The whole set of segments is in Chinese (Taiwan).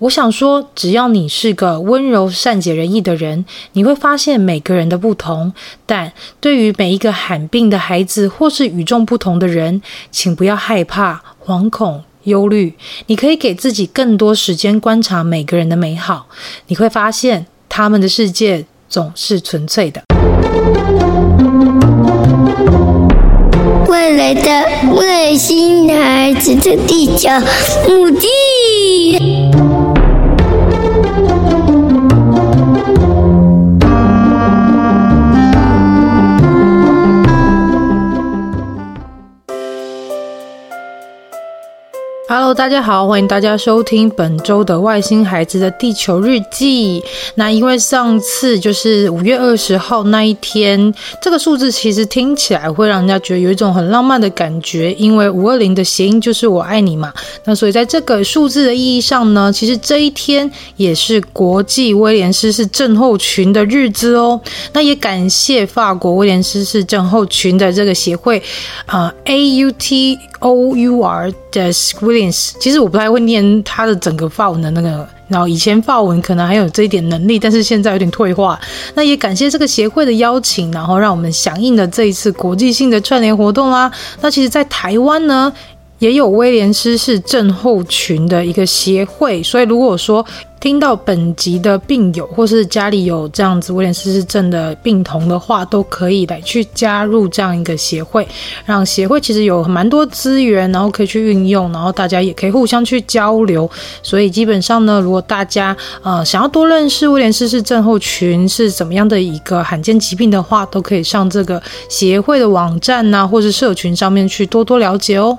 我想說，只要你是個溫柔、善解人意的人，你會發現每個人的不同。但對於每一個罕病的孩子，或是與眾不同的人，請不要害怕、惶恐、憂慮。你可以給自己更多時間觀察每個人的美好，你會發現他們的世界總是純粹的。未來的外星孩子的地球母地。Hello，大家好，歡迎大家收聽本周的《外星孩子的地球日記》。那因為上次就是五月二十號那一天，這個數字其實聽起來會讓人家覺得有一種很浪漫的感覺，因為五二零的諧音就是“我愛你”嘛。那所以在這個數字的意義上呢，其實這一天也是國際威廉斯氏症候群的日子哦。那也感謝法國威廉斯氏症候群的這個協會，啊 a U T O U R 的 Squill。其實我不太會念他的整個發文的那個，然後以前發文可能還有這一點能力，但是現在有點退化。那也感謝這個協會的邀請，然後讓我們響應了這一次國際性的串聯活動啦、啊。那其實，在台灣呢。也有威廉斯氏症候群的一個協會，所以如果說聽到本集的病友，或是家裡有這樣子威廉斯氏症的病童的話，都可以來去加入這樣一個協會，讓協會其實有蠻多資源，然後可以去運用，然後大家也可以互相去交流。所以基本上呢，如果大家呃想要多認識威廉斯氏症候群是怎麼樣的一個罕見疾病的話，都可以上這個協會的網站吶、啊，或是社群上面去多多了解哦。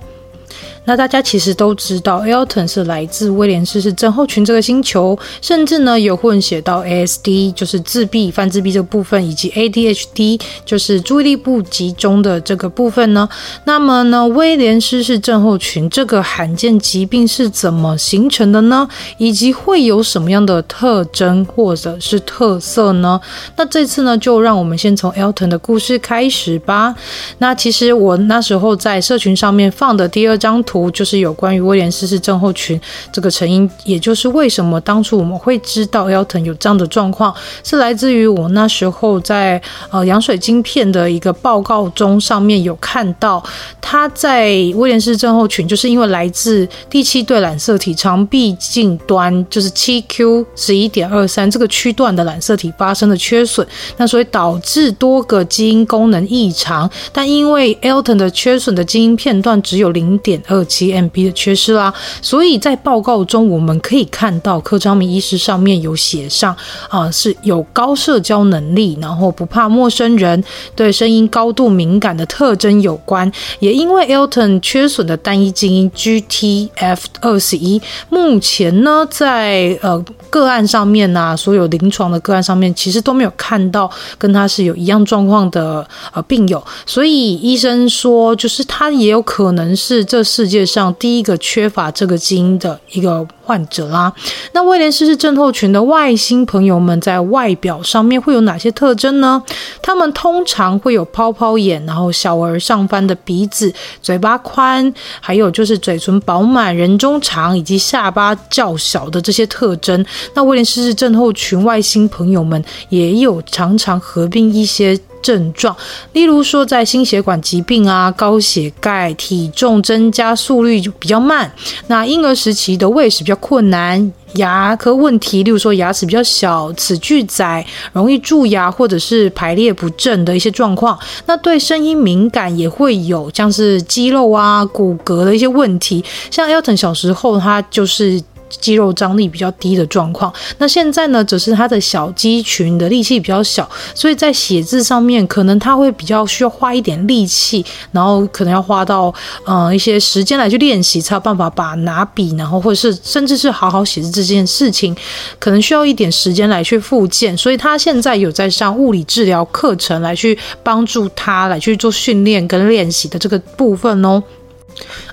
那大家其實都知道，Alton 是來自威廉斯氏症候群這個星球，甚至呢有混血到 ASD，就是自閉、泛自閉這個部分，以及 ADHD，就是注意力不集中的這個部分呢。那麼呢，威廉斯氏症候群這個罕見疾病是怎麼形成的呢？以及會有什麼樣的特徵或者是特色呢？那這次呢，就讓我們先從 Alton 的故事開始吧。那其實我那時候在社群上面放的第二張圖。圖就是有關於威廉斯氏症候群這個成因，也就是為什麼當初我們會知道 Alton 有這樣的狀況，是來自於我那時候在呃羊水晶片的一個報告中上面有看到，他在威廉斯症候群就是因為來自第七對染色體長臂近端，就是 7q 十一點二三這個區段的染色體發生的缺損，那所以導致多個基因功能異常，但因為 Alton 的缺損的基因片段只有零點二。7MB 的缺失啦，所以在報告中我們可以看到柯昌明醫師上面有寫上啊、呃、是有高社交能力，然後不怕陌生人，對聲音高度敏感的特徵有關。也因為 Elton 缺損的單一基因 GTF 二十一，目前呢在呃個案上面啊，所有臨床的個案上面其實都沒有看到跟他是有一樣狀況的呃病友，所以醫生說就是他也有可能是這世界。世界上第一個缺乏這個基因的一個患者啦。那威廉斯氏症候群的外星朋友們在外表上面會有哪些特徵呢？他們通常會有泡泡眼，然後小而上翻的鼻子、嘴巴寬，還有就是嘴唇飽滿、人中長以及下巴較小的這些特徵。那威廉斯氏症候群外星朋友們也有常常合併一些。症狀，例如說在心血管疾病啊、高血鈣、體重增加速率比較慢，那嬰兒時期的餵食比較困難，牙科問題，例如說牙齒比較小、齒距窄，容易蛀牙或者是排列不正的一些狀況。那對聲音敏感也會有像是肌肉啊、骨骼的一些問題。像 Alton 小時候他就是。肌肉張力比較低的狀況，那現在呢，只是他的小肌群的力氣比較小，所以在寫字上面，可能他會比較需要花一點力氣，然後可能要花到呃一些時間來去練習，才有辦法把拿筆，然後或者是甚至是好好寫字這件事情，可能需要一點時間來去復健，所以他現在有在上物理治療課程來去幫助他來去做訓練跟練習的這個部分哦。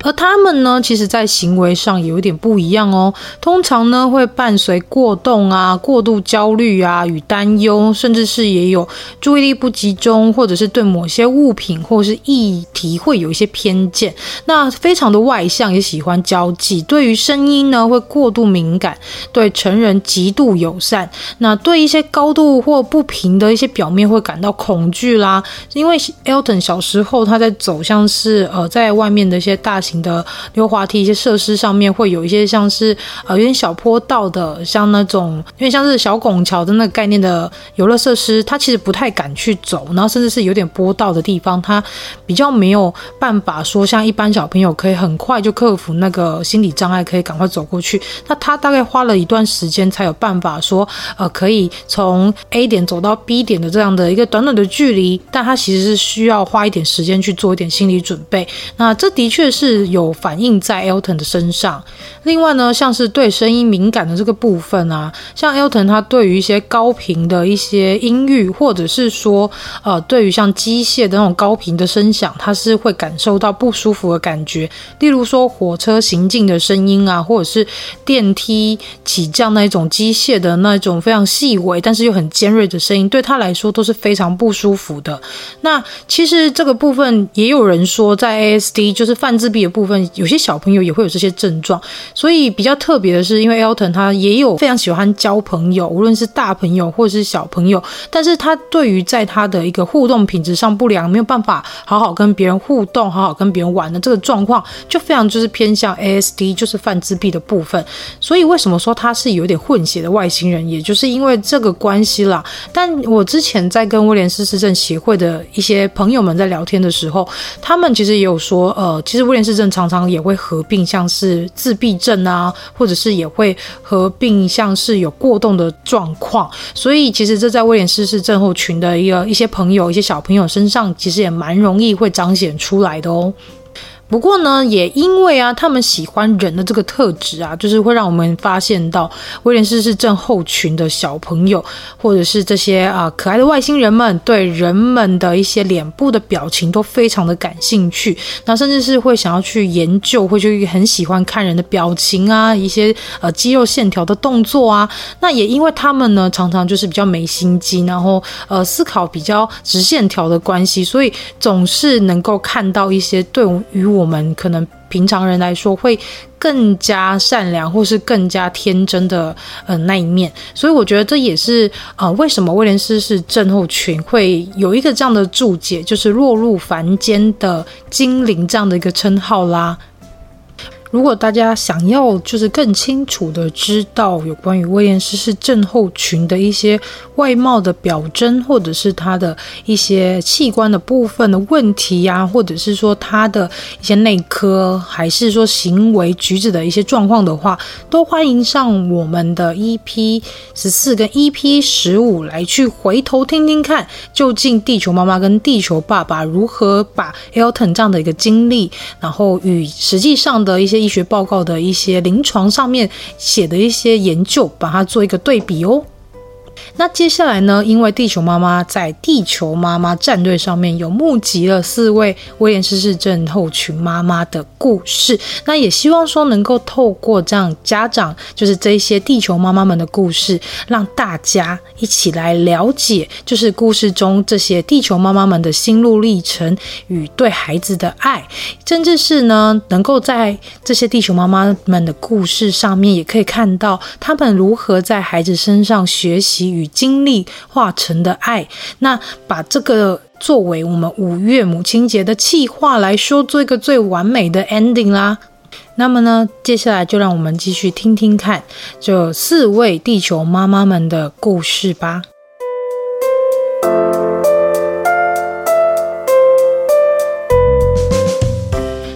而他們呢，其實，在行為上也有一點不一樣哦。通常呢，會伴隨過動啊、過度焦慮啊與擔憂，甚至是也有注意力不集中，或者是對某些物品或是議題會有一些偏見。那非常的外向，也喜歡交際。對於聲音呢，會過度敏感。對成人極度友善。那對一些高度或不平的一些表面會感到恐懼啦。因為 Alton 小時候他在走向是呃，在外面的一些。大型的溜滑梯，一些設施上面會有一些像是呃有點小坡道的，像那種有點像是小拱橋的那個概念的遊樂設施，他其實不太敢去走，然後甚至是有點坡道的地方，他比較沒有辦法說像一般小朋友可以很快就克服那個心理障礙，可以趕快走過去。那他大概花了一段時間才有辦法說呃可以從 A 點走到 B 點的這樣的一個短短的距離，但他其實是需要花一點時間去做一點心理準備。那這的確。確實有反映在 Elton 的身上。另外呢，像是對聲音敏感的這個部分啊，像 Elton 他對於一些高頻的一些音域，或者是說呃，對於像機械的那種高頻的聲響，他是會感受到不舒服的感覺。例如說火車行進的聲音啊，或者是電梯起降那一種機械的那一種非常細微但是又很尖銳的聲音，對他來說都是非常不舒服的。那其實這個部分也有人說，在 ASD 就是泛。自閉的部分，有些小朋友也會有這些症狀，所以比較特別的是，因為 Alton 他也有非常喜歡交朋友，無論是大朋友或者是小朋友，但是他對於在他的一個互動品質上不良，沒有辦法好好跟別人互動，好好跟別人玩的這個狀況，就非常就是偏向 ASD，就是泛自閉的部分。所以為什麼說他是有點混血的外星人，也就是因為這個關係啦。但我之前在跟威廉斯氏症協會的一些朋友們在聊天的時候，他們其實也有說，呃。其實威廉斯症常常也會合併，像是自閉症啊，或者是也會合併像是有過動的狀況。所以其實這在威廉斯氏症候群的一個一些朋友、一些小朋友身上，其實也蠻容易會彰顯出來的哦。不過呢，也因為啊，他們喜歡人的這個特質啊，就是會讓我們發現到威廉斯氏症候群的小朋友，或者是這些啊可愛的外星人們，對人們的一些臉部的表情都非常的感興趣，那甚至是會想要去研究，會去很喜歡看人的表情啊，一些呃肌肉線條的動作啊。那也因為他們呢，常常就是比較沒心機，然後呃思考比較直線條的關係，所以總是能夠看到一些對於我，我們可能平常人來說會更加善良，或是更加天真的呃那一面，所以我覺得這也是呃為什麼威廉斯氏症候群會有一個這樣的注解，就是落入凡間的精靈這樣的一個稱號啦。如果大家想要就是更清楚的知道有關於威廉斯氏症候群的一些外貌的表徵，或者是他的一些器官的部分的問題呀、啊，或者是說他的一些內科，還是說行為舉止的一些狀況的話，都歡迎上我們的 EP 十四跟 EP 十五來去回頭聽聽看，究竟地球媽媽跟地球爸爸如何把 Alton 這樣的一個經歷，然後與實際上的一些。醫學報告的一些臨床上面寫的一些研究，把它做一個對比哦。那接下來呢，因為地球媽媽在《地球媽媽戰隊》上面有募集了四位威廉斯氏症後群媽媽的故事，那也希望說能夠透過這樣家長，就是這些地球媽媽們的故事，讓大家一起來了解，就是故事中這些地球媽媽們的心路歷程與對孩子的愛，甚至是呢，能夠在這些地球媽媽們的故事上面，也可以看到他們如何在孩子身上學習與與經歷化成的愛，那把這個作為我們五月母親節的企劃來說，做一個最完美的 ending 啦。那麼呢，接下來就讓我們繼續聽聽看這四位地球媽媽們的故事吧。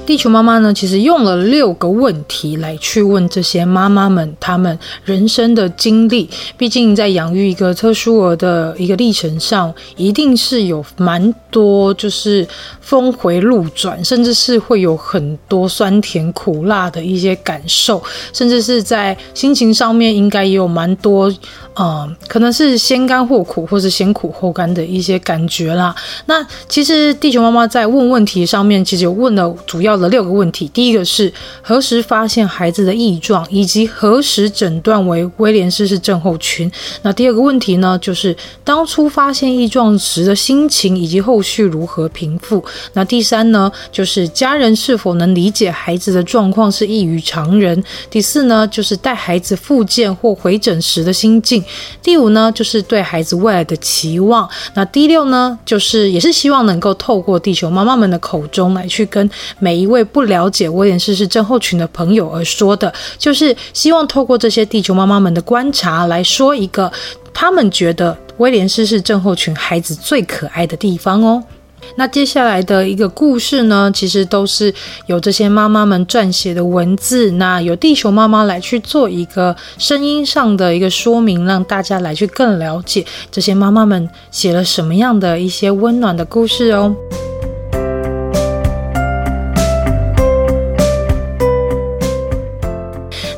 地球媽媽呢，其實用了六個問題來去問這些媽媽們，她們人生的經歷。畢竟在養育一個特殊兒的一個歷程上，一定是有蠻多就是峰回路轉，甚至是會有很多酸甜苦辣的一些感受，甚至是在心情上面應該也有蠻多。啊、嗯，可能是先甘後苦，或是先苦後甘的一些感覺啦。那其實地球媽媽在問問題上面，其實有問了主要的六個問題。第一個是何時發現孩子的異狀，以及何時診斷為威廉斯氏症候群。那第二個問題呢，就是當初發現異狀時的心情，以及後續如何平復。那第三呢，就是家人是否能理解孩子的狀況是異於常人。第四呢，就是帶孩子復健或回診時的心境。第五呢，就是對孩子未來的期望。那第六呢，就是也是希望能夠透過地球媽媽們的口中來去跟每一位不了解威廉斯氏症候群的朋友而說的，就是希望透過這些地球媽媽們的觀察來說一個，他們覺得威廉斯氏症候群孩子最可愛的地方哦。那接下來的一個故事呢，其實都是由這些媽媽們撰寫的文字，那有地球媽媽來去做一個聲音上的一個說明，讓大家來去更了解這些媽媽們寫了什麼樣的一些溫暖的故事哦。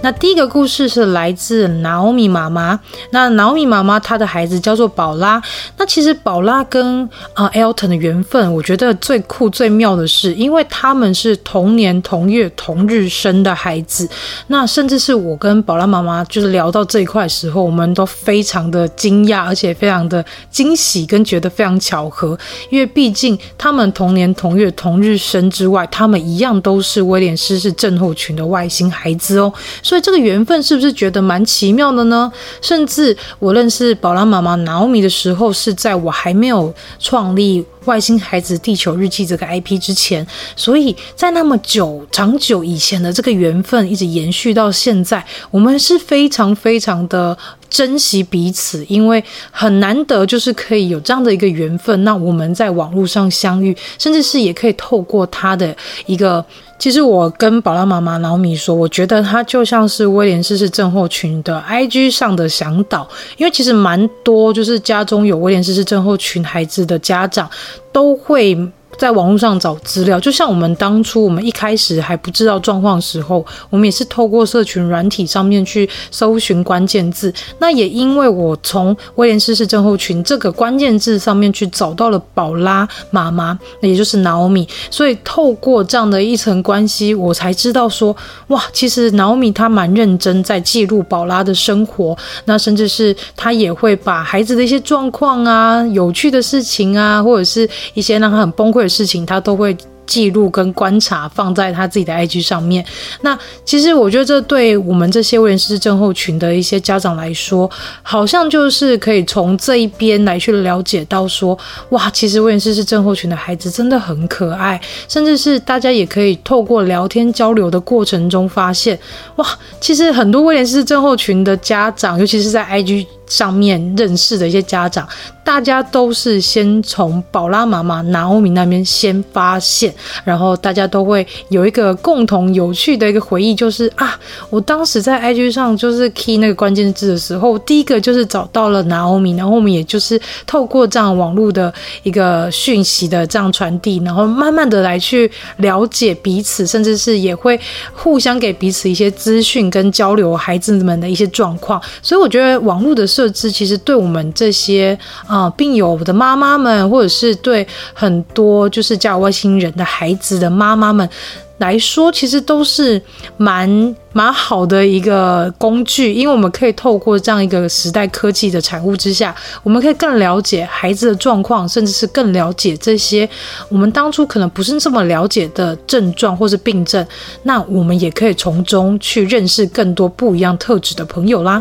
那第一個故事是來自 Naomi 媽媽。那 Naomi 媽媽她的孩子叫做寶拉。那其實寶拉跟啊 Alton 的緣分，我覺得最酷最妙的是，因為他們是同年同月同日生的孩子。那甚至是我跟寶拉媽媽就是聊到這一塊時候，我們都非常的驚訝，而且非常的驚喜跟覺得非常巧合。因為畢竟他們同年同月同日生之外，他們一樣都是威廉斯氏症候群的外星孩子哦、喔，所以。這個緣分是不是覺得蠻奇妙的呢？甚至我認識寶拉媽媽 Naomi 的時候，是在我還沒有創立《外星孩子地球日記》這個 IP 之前，所以在那麼久長久以前的這個緣分，一直延續到現在，我們是非常非常的，珍惜彼此，因為很難得，就是可以有這樣的一個緣分。那我們在網絡上相遇，甚至是也可以透過他的一個，其實我跟寶拉媽媽、老米說，我覺得他就像是威廉斯氏症候群的 IG 上的向導，因為其實蠻多，就是家中有威廉斯氏症候群孩子的家長都會。在網絡上找資料，就像我們當初我們一開始還不知道狀況時候，我們也是透過社群軟體上面去搜尋關鍵字。那也因為我從威廉斯氏症候群這個關鍵字上面去找到了寶拉媽媽，那也就是 Naomi，所以透過這樣的一層關係，我才知道說，哇，其實 Naomi 他蠻認真在記錄寶拉的生活，那甚至是他也會把孩子的一些狀況啊、有趣的事情啊，或者是一些讓他很崩潰。事情他都會記錄跟觀察，放在他自己的 IG 上面。那其實我覺得這對我們這些威廉斯症候群的一些家長來說，好像就是可以從這一邊來去了解到說，哇，其實威廉斯症候群的孩子真的很可愛，甚至是大家也可以透過聊天交流的過程中發現，哇，其實很多威廉斯症候群的家長，尤其是在 IG。上面認識的一些家長，大家都是先從寶拉媽媽、拿歐米那邊先發現，然後大家都會有一個共同有趣的一個回憶，就是啊，我當時在 IG 上就是 key 那個關鍵字的時候，第一個就是找到了拿歐米，然後我們也就是透過這樣網絡的一個訊息的這樣傳遞，然後慢慢的來去了解彼此，甚至是也會互相給彼此一些資訊跟交流孩子們的一些狀況，所以我覺得網絡的時候。設置其實對我們這些啊、呃、病友的媽媽們，或者是對很多就是家有外星人的孩子的媽媽們來說，其實都是蠻蠻好的一個工具，因為我們可以透過這樣一個時代科技的產物之下，我們可以更了解孩子的狀況，甚至是更了解這些我們當初可能不是這麼了解的症狀或是病症，那我們也可以從中去認識更多不一樣特質的朋友啦。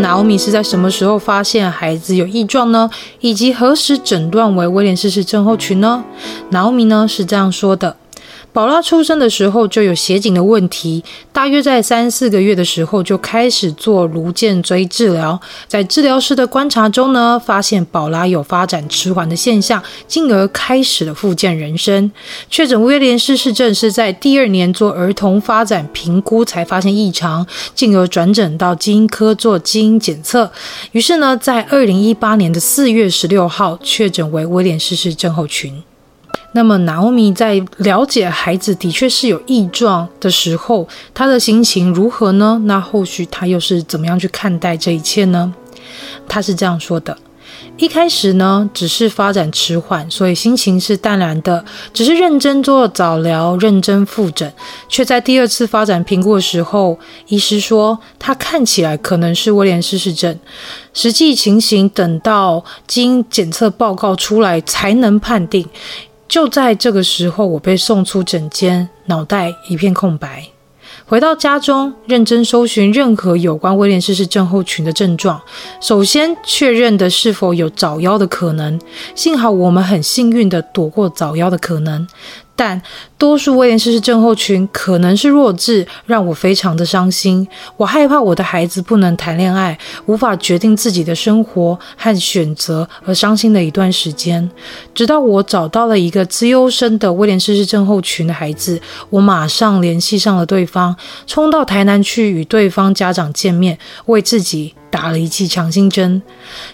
娜歐米是在什麼時候發現孩子有異狀呢？以及何時診斷為威廉斯氏症候群呢？娜歐米呢，是這樣說的。寶拉出生的時候就有斜頸的問題，大約在三四個月的時候就開始做顱薦椎治療。在治療師的觀察中呢，發現寶拉有發展遲緩的現象，進而開始了復健人生。確診威廉斯氏症是在第二年做兒童發展評估才發現異常，進而轉診到基因科做基因檢測。於是呢，在二零一八年的四月十六號確診為威廉斯氏症候群。那麼，Naomi 在了解孩子的確是有異狀的時候，他的心情如何呢？那後續他又是怎麼樣去看待這一切呢？他是這樣說的：一開始呢，只是發展遲緩，所以心情是淡然的，只是認真做早療、認真複診，卻在第二次發展評估的時候，醫師說他看起來可能是威廉斯氏症，實際情形等到基因檢測報告出來才能判定。就在這個時候，我被送出診間，腦袋一片空白。回到家中，認真搜尋任何有關威廉斯氏症候群的症狀，首先確認的是否有早夭的可能。幸好我們很幸運地躲過早夭的可能。但多數威廉斯氏症候群可能是弱智，讓我非常的傷心。我害怕我的孩子不能談戀愛，無法決定自己的生活和選擇，而傷心了一段時間。直到我找到了一個資優生的威廉斯氏症候群的孩子，我馬上聯繫上了對方，衝到台南去與對方家長見面，為自己。打了一劑強心針。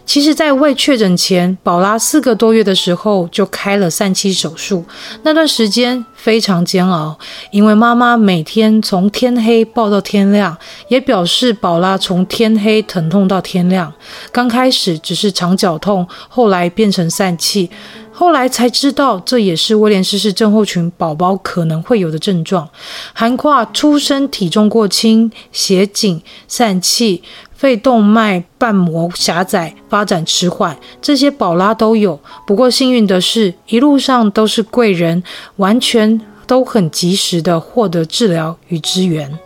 其實，在未確診前，寶拉四個多月的時候就開了疝氣手術，那段時間非常煎熬，因為媽媽每天從天黑抱到天亮，也表示寶拉從天黑疼痛到天亮。剛開始只是腸絞痛，後來變成疝氣，後來才知道這也是威廉斯氏症候群寶寶可能會有的症狀，含跨出生體重過輕、斜頸、疝氣。肺動脈瓣膜狹窄，發展遲緩，這些寶拉都有。不過幸運的是，一路上都是貴人，完全都很及時地獲得治療與支援。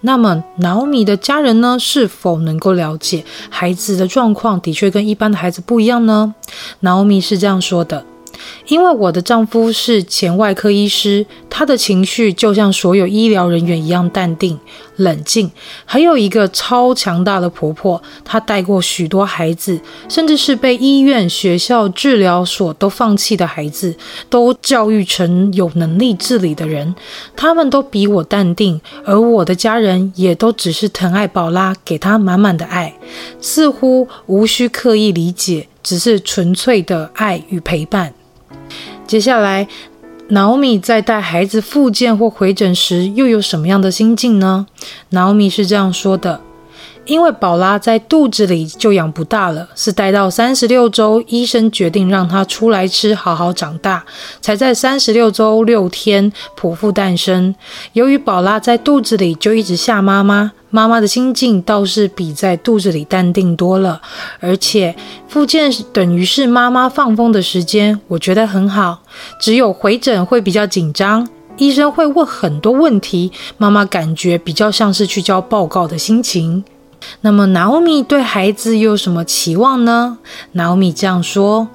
那麼，瑙米的家人呢？是否能夠了解孩子的狀況，的確跟一般的孩子不一樣呢？瑙米是這樣說的。因為我的丈夫是前外科醫師，他的情緒就像所有醫療人員一樣淡定冷靜。還有一個超強大的婆婆，她帶過許多孩子，甚至是被醫院、學校、治療所都放棄的孩子，都教育成有能力自理的人。他們都比我淡定，而我的家人也都只是疼愛寶拉，給她滿滿的愛，似乎無需刻意理解，只是純粹的愛與陪伴。接下來，Naomi 在帶孩子復健或回診時又有什麼樣的心境呢？Naomi 是這樣說的：因為寶拉在肚子裡就養不大了，是待到三十六週，醫生決定讓她出來吃，好好長大，才在三十六週六天剖腹誕生。由於寶拉在肚子裡就一直嚇媽媽。媽媽的心境倒是比在肚子裡淡定多了，而且復健等於是媽媽放風的時間，我覺得很好。只有回診會比較緊張，醫生會問很多問題，媽媽感覺比較像是去交報告的心情。那麼，Naomi 對孩子又有什麼期望呢？Naomi 這樣說。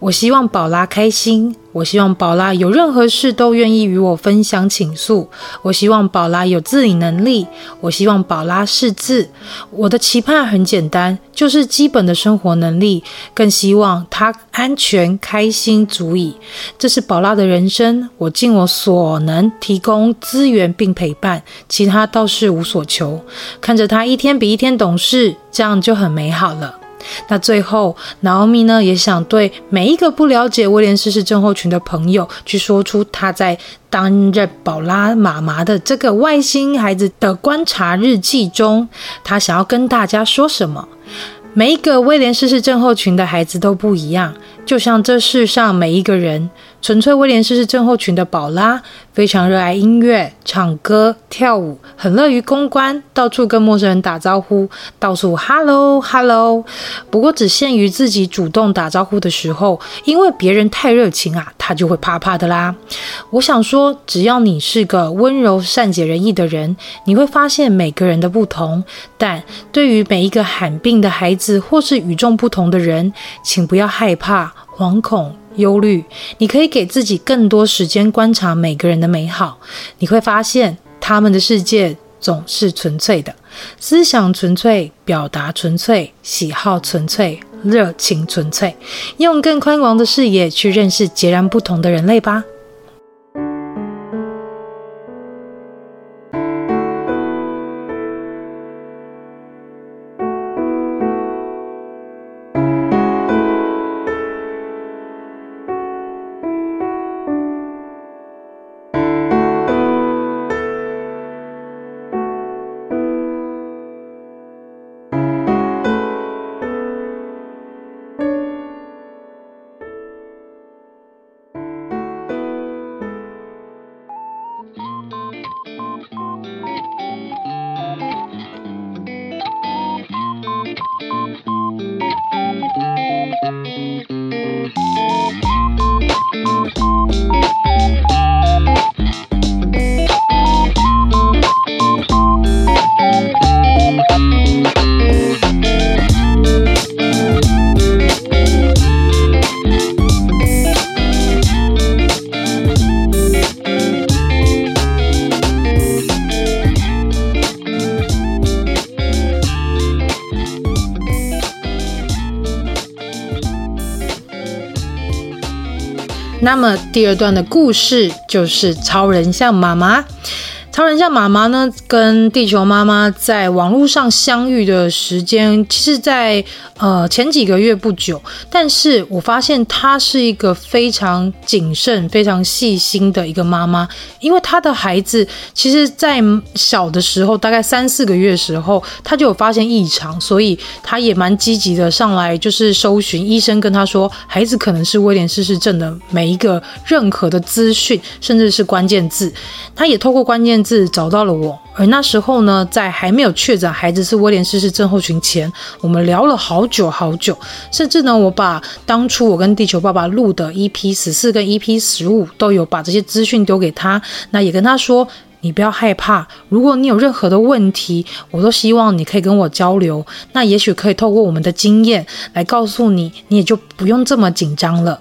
我希望寶拉開心，我希望寶拉有任何事都願意與我分享傾訴，我希望寶拉有自理能力，我希望寶拉識字。我的期盼很簡單，就是基本的生活能力，更希望她安全開心足矣。這是寶拉的人生，我盡我所能提供資源並陪伴，其他倒是無所求。看着她一天比一天懂事，這樣就很美好了。那最後，娜奧米呢也想對每一個不了解威廉斯氏症候群的朋友，去說出他在擔任寶拉媽媽的這個外星孩子的觀察日記中，他想要跟大家說什麼？每一個威廉斯氏症候群的孩子都不一樣，就像這世上每一個人。純粹威廉斯氏症候群的寶拉，非常熱愛音樂、唱歌、跳舞，很樂於公關，到處跟陌生人打招呼，到處 hello hello。不過只限於自己主動打招呼的時候，因為別人太熱情啊，他就會怕怕的啦。我想說，只要你是個溫柔、善解人意的人，你會發現每個人的不同。但對於每一個罕病的孩子或是與眾不同的人，請不要害怕、惶恐。憂慮，你可以給自己更多時間觀察每個人的美好，你會發現他們的世界總是純粹的，思想純粹，表達純粹，喜好純粹，熱情純粹。用更寬廣的視野去認識截然不同的人類吧。第二段的故事就是超人像媽媽，超人像媽媽呢，跟地球媽媽在網絡上相遇的時間，其實，在。呃，前幾個月不久，但是我發現她是一個非常謹慎、非常細心的一個媽媽，因為她的孩子其實，在小的時候，大概三四個月的時候，她就有發現異常，所以她也蠻積極的上來就是搜尋，醫生跟她說，孩子可能是威廉斯氏症的每一個任何的資訊，甚至是關鍵字，她也透過關鍵字找到了我。而那時候呢，在還沒有確診孩子是威廉斯氏症候群前，我們聊了好久好久，甚至呢，我把當初我跟地球爸爸錄的 EP 十四跟 EP 十五，都有把這些資訊丟給他，那也跟他說，你不要害怕，如果你有任何的問題，我都希望你可以跟我交流，那也許可以透過我們的經驗來告訴你，你也就不用這麼緊張了。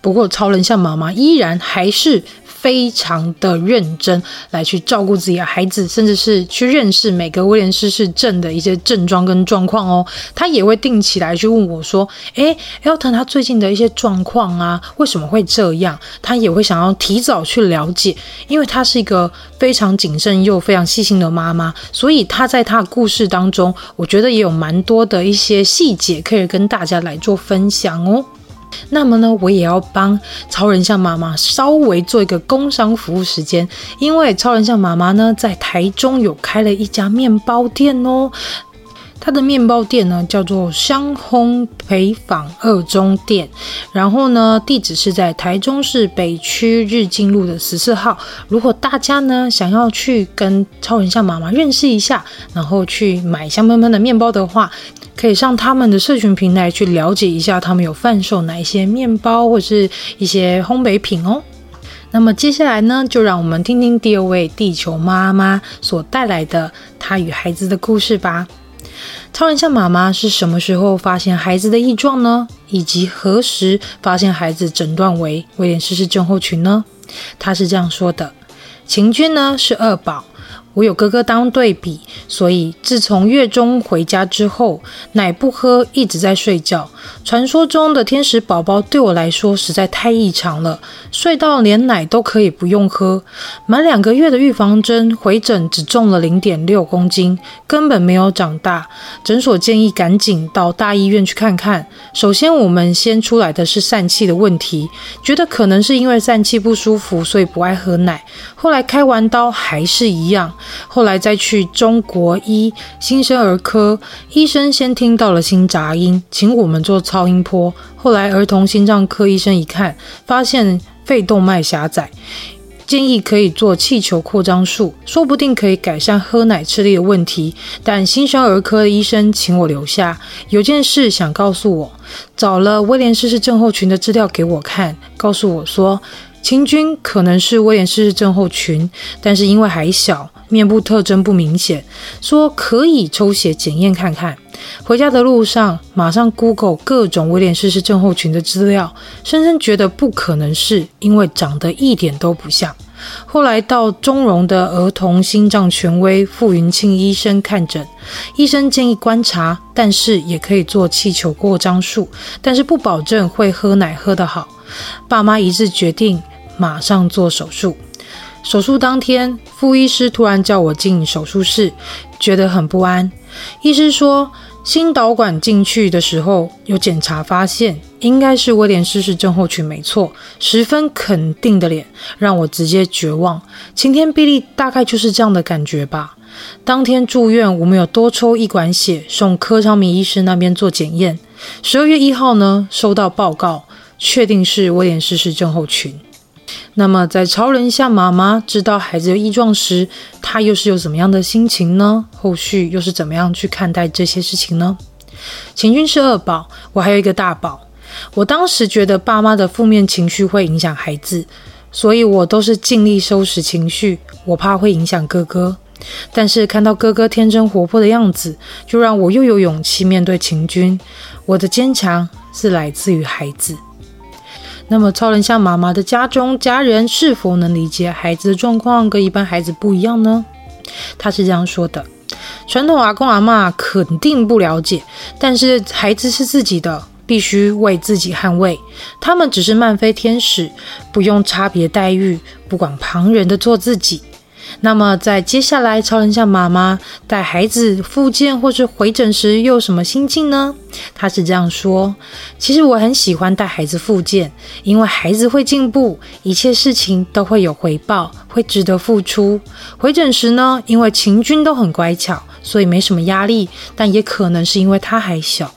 不過，超人像媽媽依然還是，非常的認真來去照顧自己的孩子，甚至是去認識每個威廉斯氏症的一些症狀跟狀況哦。他也會定期來去問我說：“誒，Elton 他最近的一些狀況啊，為什麼會這樣？”他也會想要提早去了解，因為他是一個非常謹慎又非常細心的媽媽，所以他在他的故事當中，我覺得也有蠻多的一些細節可以跟大家來做分享哦。那麼呢，我也要幫超人像媽媽稍微做一個工商服務時間，因為超人像媽媽呢在台中有開了一家麵包店哦，她的麵包店呢叫做香烘焙坊二中店，然後呢地址是在台中市北區日進路的十四號，如果大家呢想要去跟超人像媽媽認識一下，然後去買香噴噴的麵包的話。可以上他們的社群平台去了解一下，他們有販售哪一些麵包或是一些烘焙品哦。那麼接下來呢，就讓我們聽聽第二位地球媽媽所帶來的她與孩子的故事吧。超人像媽媽是什麼時候發現孩子的異狀呢？以及何時發現孩子診斷為威廉斯氏症候群呢？她是這樣說的：“晴君呢是二寶。”我有哥哥當對比，所以自從月中回家之後，奶不喝，一直在睡覺。傳說中的天使寶寶對我來說實在太異常了，睡到連奶都可以不用喝。滿兩個月的預防針回診只重了零點六公斤，根本沒有長大。診所建議趕緊到大醫院去看看。首先我們先出來的是疝氣的問題，覺得可能是因為疝氣不舒服，所以不愛喝奶。後來開完刀還是一樣。後來再去中國醫新生兒科，醫生先聽到了心雜音，請我們做超音波。後來兒童心臟科醫生一看，發現肺動脈狹窄，建議可以做氣球擴張術，說不定可以改善喝奶吃力的問題。但新生兒科的醫生請我留下，有件事想告訴我，找了威廉斯氏症候群的資料給我看，告訴我說，秦軍可能是威廉斯氏症候群，但是因為還小。面部特徵不明顯，說可以抽血檢驗看看。回家的路上，馬上 Google 各種威廉斯氏症候群的資料，深深覺得不可能，是因為長得一點都不像。後來到中榮的兒童心臟權威傅雲慶醫生看診，醫生建議觀察，但是也可以做氣球過張術，但是不保證會喝奶喝得好。爸媽一致決定馬上做手術。手術當天，傅醫師突然叫我進手術室，覺得很不安。醫師說，新導管進去的時候有檢查，發現應該是威廉斯氏症候群，沒錯，十分肯定的臉讓我直接絕望。晴天霹靂，大概就是這樣的感覺吧。當天住院，我們有多抽一管血送柯昌明醫師那邊做檢驗。十二月一號呢，收到報告，確定是威廉斯氏症候群。那麼，在超人向媽媽知道孩子有異狀時，她又是有怎麼樣的心情呢？後續又是怎麼樣去看待這些事情呢？晴軍是二寶，我還有一個大寶。我當時覺得爸媽的負面情緒會影響孩子，所以我都是盡力收拾情緒，我怕會影響哥哥。但是看到哥哥天真活潑的樣子，就讓我又有勇氣面對晴軍。我的堅強是來自於孩子。那麼，超人像媽媽的家中家人是否能理解孩子的狀況跟一般孩子不一樣呢？他是這樣說的：傳統阿公阿嬤肯定不了解，但是孩子是自己的，必須為自己捍衛。他們只是慢飛天使，不用差別待遇，不管旁人的做自己。那麼，在接下來超人像媽媽帶孩子復健或是回診時，又有什麼心境呢？她是這樣說：“其實我很喜歡帶孩子復健，因為孩子會進步，一切事情都會有回報，會值得付出。回診時呢，因為秦軍都很乖巧，所以沒什麼壓力。但也可能是因為他還小。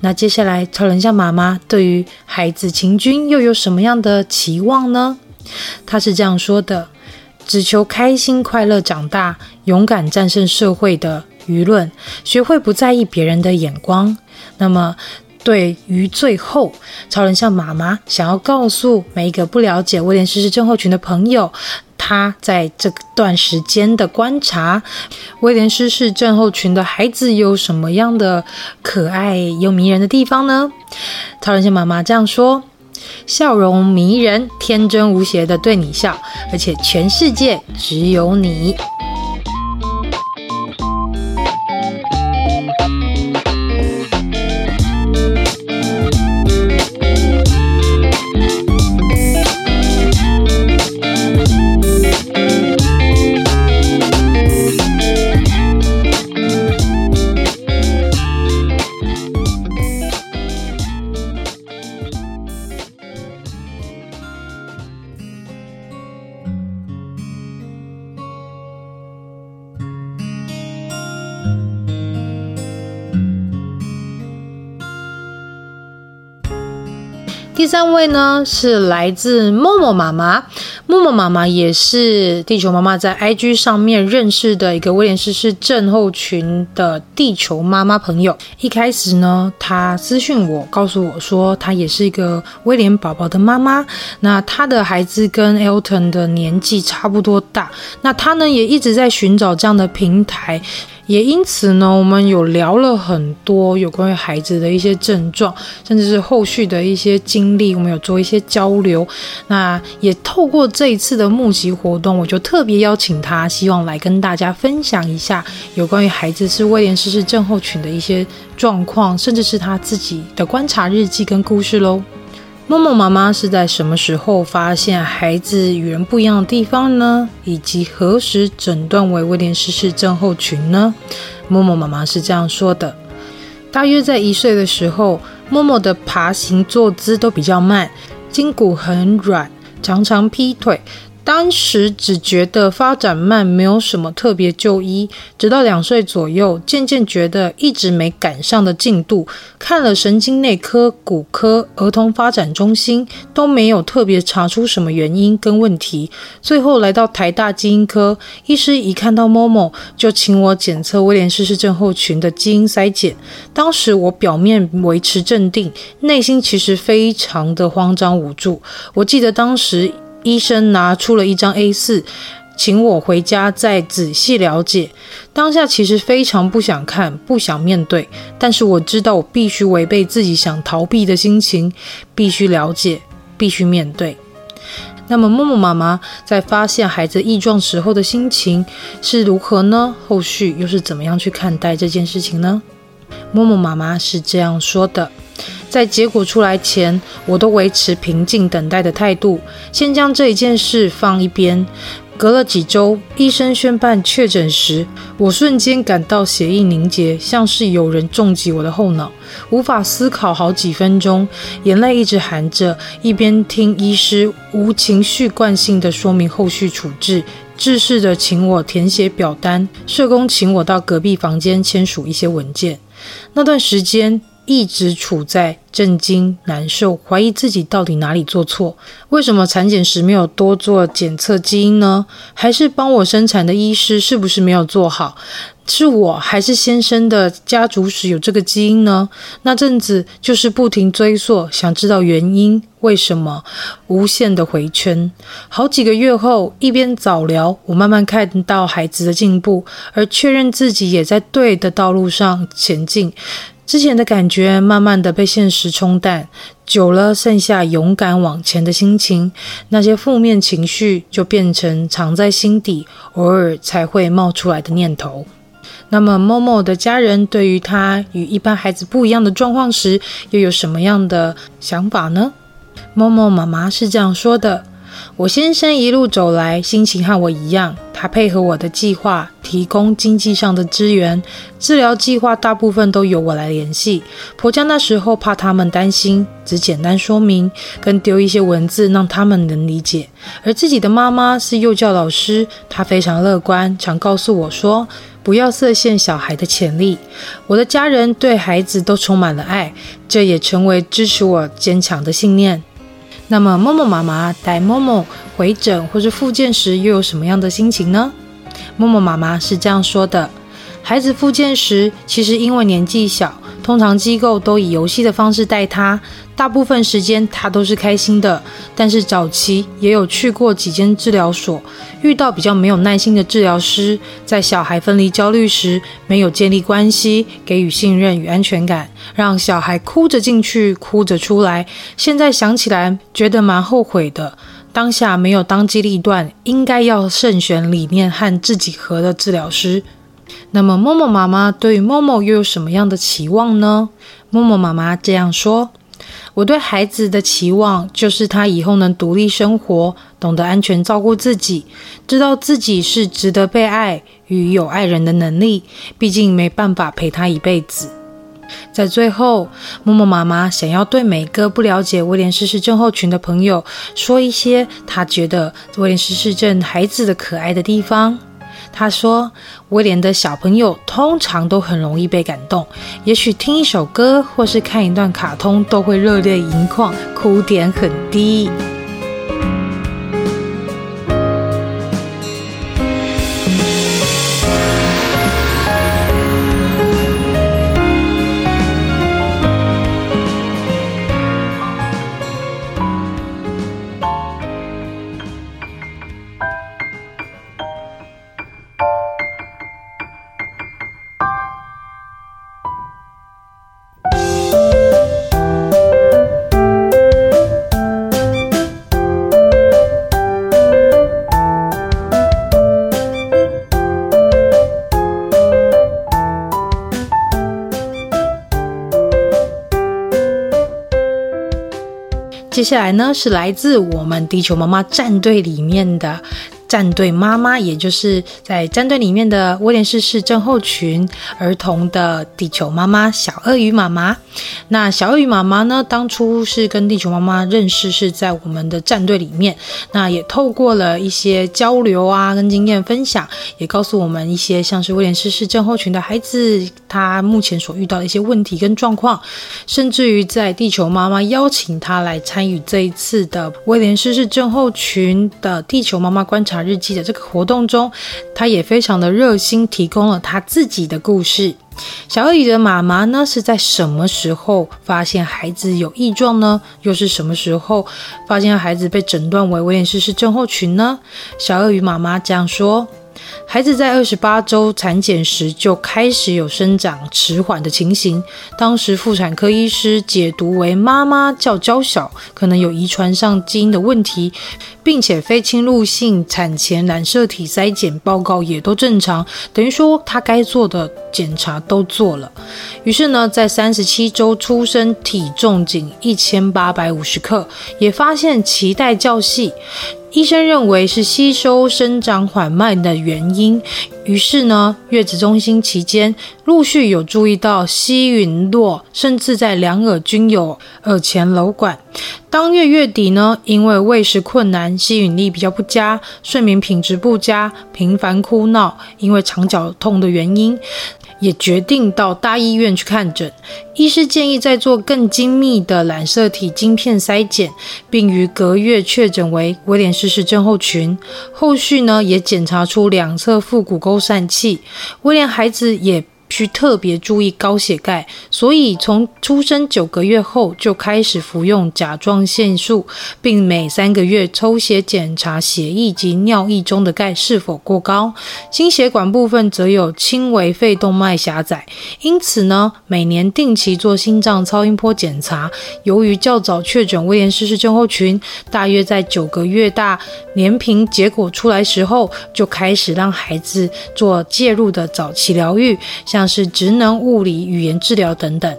那接下來超人像媽媽對於孩子秦軍又有什麼樣的期望呢？她是這樣說的。”只求開心快樂長大，勇敢戰勝社會的輿論，學會不在意別人的眼光。那麼，對於最後，超人像媽媽想要告訴每一個不了解威廉斯氏症候群的朋友，他在這段時間的觀察，威廉斯氏症候群的孩子有什麼樣的可愛又迷人的地方呢？超人像媽媽這樣說。笑容迷人，天真無邪的對你笑，而且全世界只有你。第三位呢，是來自默默媽媽。默默媽媽也是地球媽媽在 IG 上面認識的一個威廉斯氏症候群的地球媽媽朋友。一開始呢，她私訊我，告訴我說，她也是一個威廉寶寶的媽媽。那她的孩子跟 Alton 的年紀差不多大。那她呢，也一直在尋找這樣的平台。也因此呢，我們有聊了很多有關於孩子的一些症狀，甚至是後續的一些經歷，我們有做一些交流。那也透過這一次的募集活動，我就特別邀請他，希望來跟大家分享一下有關於孩子是威廉斯氏症候群的一些狀況，甚至是他自己的觀察日記跟故事嘍。默默媽媽是在什麼時候發現孩子與人不一樣的地方呢？以及何時診斷為威廉斯氏症候群呢？默默媽媽是這樣說的：大約在一歲的時候，默默的爬行坐姿都比較慢，筋骨很軟，常常劈腿。當時只覺得發展慢，沒有什麼特別就醫，直到兩歲左右，漸漸覺得一直沒趕上的進度，看了神經內科、骨科、兒童發展中心，都沒有特別查出什麼原因跟問題。最後來到台大基因科，醫師一看到 Momo，就請我檢測威廉斯氏症候群的基因篩檢。當時我表面維持鎮定，內心其實非常的慌張無助。我記得當時。醫生拿出了一張 A4，請我回家再仔細了解。當下其實非常不想看，不想面對，但是我知道我必須違背自己想逃避的心情，必須了解，必須面對。那麼，默默媽媽在發現孩子異狀時候的心情是如何呢？後續又是怎麼樣去看待這件事情呢？默默媽媽是這樣說的。在結果出來前，我都維持平靜等待的態度，先將這一件事放一邊。隔了幾周，醫生宣判確診時，我瞬間感到血液凝結，像是有人重擊我的後腦，無法思考好幾分鐘，眼淚一直含着，一邊聽醫師無情緒慣性的說明後續處置，制式的請我填寫表單，社工請我到隔壁房間簽署一些文件。那段時間，一直處在震驚、難受、懷疑自己到底哪裡做錯？為什麼產檢時沒有多做檢測基因呢？還是幫我生產的醫師是不是沒有做好？是我還是先生的家族史有這個基因呢？那陣子就是不停追溯，想知道原因，為什麼無限的回圈。好幾個月後，一邊早療，我慢慢看到孩子的進步，而確認自己也在對的道路上前進。之前的感覺慢慢的被現實沖淡，久了剩下勇敢往前的心情，那些負面情緒就變成藏在心底，偶爾才會冒出來的念頭。那麼，Momo 的家人對於他與一般孩子不一樣的狀況時，又有什麼樣的想法呢？Momo 媽媽是這樣說的。我先生一路走來，心情和我一樣。他配合我的計劃，提供經濟上的支援。治療計劃大部分都由我來聯繫。婆家那時候怕他們擔心，只簡單說明，跟丟一些文字讓他們能理解。而自己的媽媽是幼教老師，她非常樂觀，常告訴我說：“不要設限小孩的潛力。”我的家人對孩子都充滿了愛，這也成為支持我堅強的信念。那麼，Momo 媽媽帶 Momo 回診或是復健時，又有什麼樣的心情呢？Momo 媽媽是這樣說的，孩子復健時，其實因為年紀小，通常機構都以遊戲的方式帶他。大部分時間他都是開心的，但是早期也有去過幾間治療所，遇到比較沒有耐心的治療師，在小孩分離焦慮時沒有建立關係，給予信任與安全感，讓小孩哭着進去，哭着出來。現在想起來覺得蠻後悔的，當下沒有當機立斷，應該要慎選理念和自己合的治療師。那麼 Momo 媽媽對於 Momo 又有什麼樣的期望呢？Momo 媽媽這樣說。我對孩子的期望就是他以後能獨立生活，懂得安全照顧自己，知道自己是值得被愛與有愛人的能力。畢竟沒辦法陪他一輩子。在最後，默默媽媽想要對每個不了解威廉斯氏症候群的朋友說一些，她覺得威廉斯氏症孩子的可愛的地方。他說：“威廉的小朋友通常都很容易被感動，也許聽一首歌或是看一段卡通都會熱淚盈眶，哭點很低。”接下來呢，是來自我們地球媽媽戰隊裡面的。戰隊媽媽，也就是在戰隊裡面的威廉斯氏症候群兒童的地球媽媽小鱷魚媽媽。那小鱷魚媽媽呢，當初是跟地球媽媽認識，是在我們的戰隊裡面。那也透過了一些交流啊，跟經驗分享，也告訴我們一些像是威廉斯氏症候群的孩子，他目前所遇到的一些問題跟狀況，甚至於在地球媽媽邀請他來參與這一次的威廉斯氏症候群的地球媽媽觀察。日記的這個活動中，他也非常的熱心，提供了他自己的故事。小鱷魚的媽媽呢，是在什麼時候發現孩子有異狀呢？又是什麼時候發現孩子被診斷為威廉斯氏症候群呢？小鱷魚媽媽這樣說：孩子在二十八周產檢時就開始有生長遲緩的情形，當時婦產科醫師解讀為媽媽較嬌小，可能有遺傳上基因的問題，並且非侵入性產前染色體篩檢報告也都正常，等於說他該做的檢查，都做了，於是呢，在三十七周出生，體重僅一千八百五十克，也發現臍帶較細，醫生認為是吸收生長緩慢的原因。於是呢，月子中心期間陸續有注意到吸吮弱，甚至在兩耳均有耳前瘻管。當月月底呢，因為餵食困難，吸吮力比較不佳，睡眠品質不佳，頻繁哭鬧，因為腸絞痛的原因。也決定到大醫院去看診，醫師建議再做更精密的染色體晶片篩檢，並於隔月確診為威廉斯氏症候群，後續呢也檢查出兩側腹股溝疝氣，威廉孩子也需特別注意高血鈣，所以從出生九個月後就開始服用甲狀腺素，並每三個月抽血檢查血液及尿液中的鈣是否過高。心血管部分則有輕微肺動脈狹窄，因此呢，每年定期做心臟超音波檢查。由於較早確診威廉斯氏症候群，大約在九個月大，年平結果出來時候就開始讓孩子做介入的早期療癒。像是職能、物理、語言治療等等。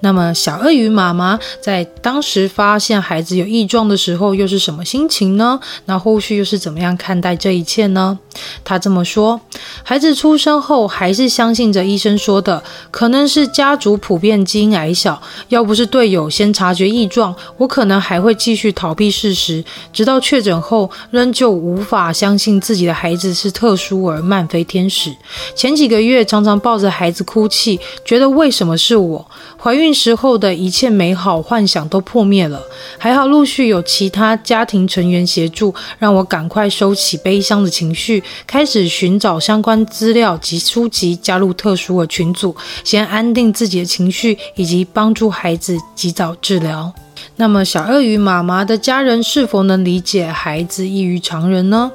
那麼，小鱷魚媽媽在當時發現孩子有異狀的時候，又是什麼心情呢？那後續又是怎麼樣看待這一切呢？她這麼說：“孩子出生後，還是相信着醫生說的，可能是家族普遍基因矮小。要不是隊友先察覺異狀，我可能還會繼續逃避事實，直到確診後，仍舊無法相信自己的孩子是特殊而慢飛天使。前幾個月，常常抱着孩子哭泣，覺得為什麼是我懷孕。”那時候的一切美好幻想都破滅了，還好陸續有其他家庭成員協助，讓我趕快收起悲傷的情緒，開始尋找相關資料及書籍，加入特殊的群組，先安定自己的情緒，以及幫助孩子及早治療。那麼，小鱷魚媽媽的家人是否能理解孩子異於常人呢？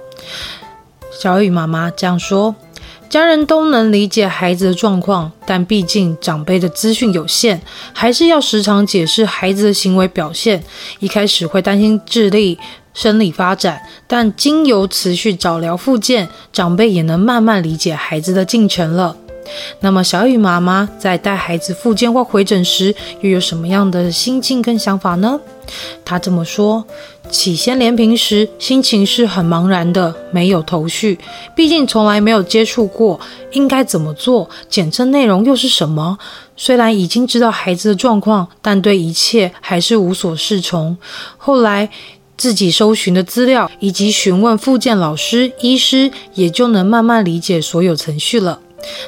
小鱷魚媽媽這樣說。家人都能理解孩子的狀況，但畢竟長輩的資訊有限，還是要時常解釋孩子的行為表現。一開始會擔心智力、生理發展，但經由持續早療復健，長輩也能慢慢理解孩子的進程了。那麼，小雨媽媽在帶孩子復健或回診時，又有什麼樣的心境跟想法呢？她這麼說：起先聯評時心情是很茫然的，沒有頭緒，畢竟從來沒有接觸過，應該怎麼做，檢測內容又是什麼？雖然已經知道孩子的狀況，但對一切還是無所適從。後來自己搜尋的資料以及詢問復健老師、醫師，也就能慢慢理解所有程序了。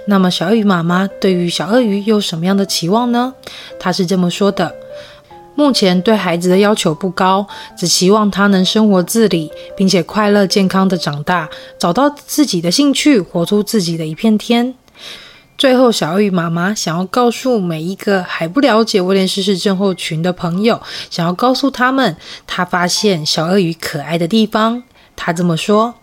那麼小鱷魚媽媽對於小鱷魚有什麼樣的期望呢？她是這麼說的：目前對孩子的要求不高，只希望他能生活自理，並且快樂健康的長大，找到自己的興趣，活出自己的一片天。最後，小鱷魚媽媽想要告訴每一個還不了解威廉斯氏症候群的朋友，想要告訴他們，她發現小鱷魚可愛的地方。她這麼說。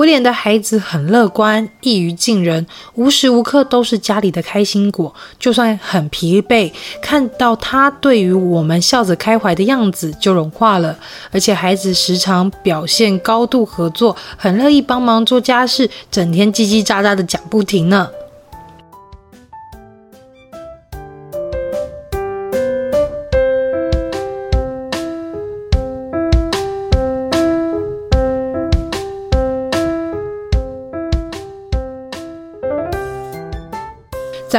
威廉的孩子很樂觀，易於近人，無時無刻都是家裡的開心果。就算很疲憊，看到他對於我們笑着開懷的樣子就融化了。而且孩子時常表現高度合作，很樂意幫忙做家事，整天嘰嘰喳喳的講不停呢。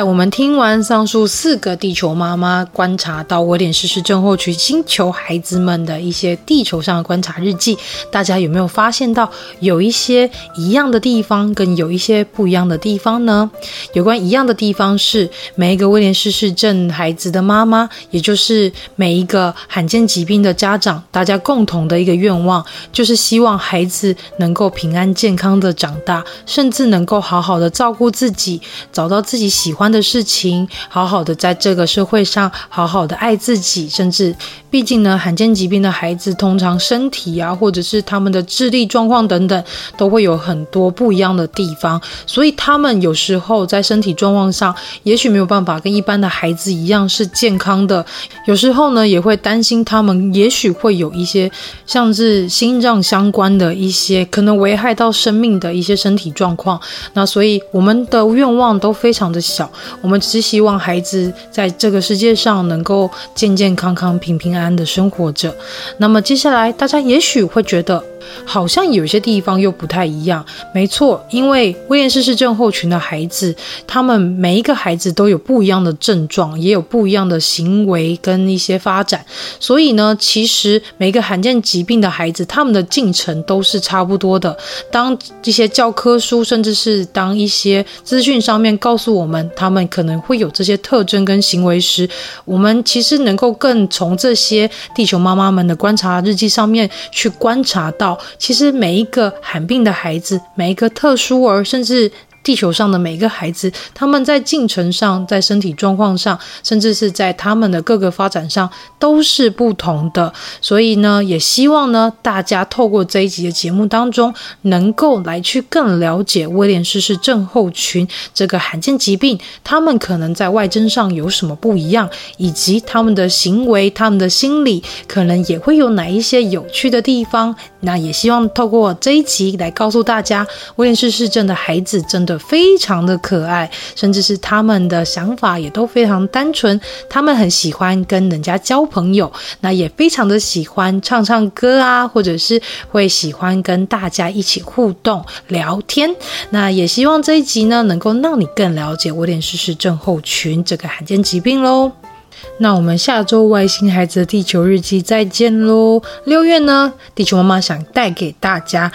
我們聽完上述四個地球媽媽觀察到威廉斯氏症候群星球孩子們的一些地球上的觀察日記，大家有沒有發現到有一些一樣的地方，跟有一些不一樣的地方呢？有關一樣的地方是，每一個威廉斯氏症孩子的媽媽，也就是每一個罕見疾病的家長，大家共同的一個願望，就是希望孩子能夠平安健康的長大，甚至能夠好好的照顧自己，找到自己喜歡。的事情，好好的在這個社會上，好好的愛自己，甚至，畢竟呢，罕見疾病的孩子通常身體啊，或者是他們的智力狀況等等，都會有很多不一樣的地方，所以他們有時候在身體狀況上，也許沒有辦法跟一般的孩子一樣是健康的，有時候呢，也會擔心他們也許會有一些像是心臟相關的一些可能危害到生命的一些身體狀況，那所以我們的願望都非常的小。我們只是希望孩子在這個世界上能夠健健康康，平平安安的生活着。那麼接下來，大家也許會覺得，好像有些地方又不太一樣。沒錯，因為威廉斯氏症候群的孩子，他們每一個孩子都有不一樣的症狀，也有不一樣的行為跟一些發展。所以呢，其實每個罕見疾病的孩子，他們的進程都是差不多的。當這些教科書，甚至是當一些資訊上面告訴我們。他們可能會有這些特徵跟行為時，我們其實能夠更從這些地球媽媽們的觀察日記上面去觀察到，其實每一個罕病的孩子，每一個特殊兒，甚至。地球上的每一個孩子，他們在進程上、在身體狀況上，甚至是在他們的各個發展上，都是不同的。所以呢，也希望呢，大家透過這一集的節目當中，能夠來去更了解威廉斯氏症候群這個罕見疾病，他們可能在外徵上有什麼不一樣，以及他們的行為、他們的心理，可能也會有哪一些有趣的地方。那也希望透過這一集來告訴大家，威廉斯氏症的孩子真的。非常的可愛，甚至是他們的想法也都非常單純。他們很喜歡跟人家交朋友，那也非常的喜歡唱唱歌啊，或者是會喜歡跟大家一起互動聊天。那也希望這一集呢，能夠讓你更了解威廉斯氏症候群這個罕見疾病嘍。那我們下周《外星孩子的地球日記》再見嘍！六月呢，地球媽媽想帶給大家。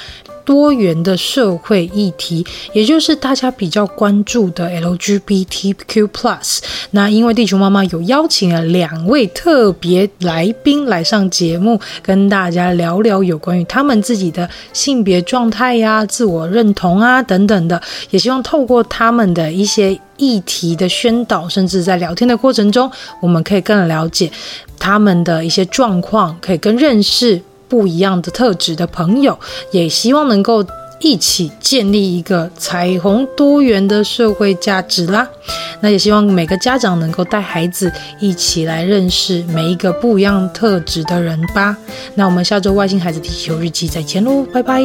多元的社會議題，也就是大家比較關注的 LGBTQ+。那因為地球媽媽有邀請了兩位特別來賓來上節目，跟大家聊聊有關於他們自己的性別狀態呀、啊、自我認同啊等等的。也希望透過他們的一些議題的宣導，甚至在聊天的過程中，我們可以更了解他們的一些狀況，可以更認識。不一樣的特質的朋友，也希望能夠一起建立一個彩虹多元的社會價值啦。那也希望每個家長能夠帶孩子一起來認識每一個不一樣特質的人吧。那我們下周外星孩子地球日記再見嘍，拜拜。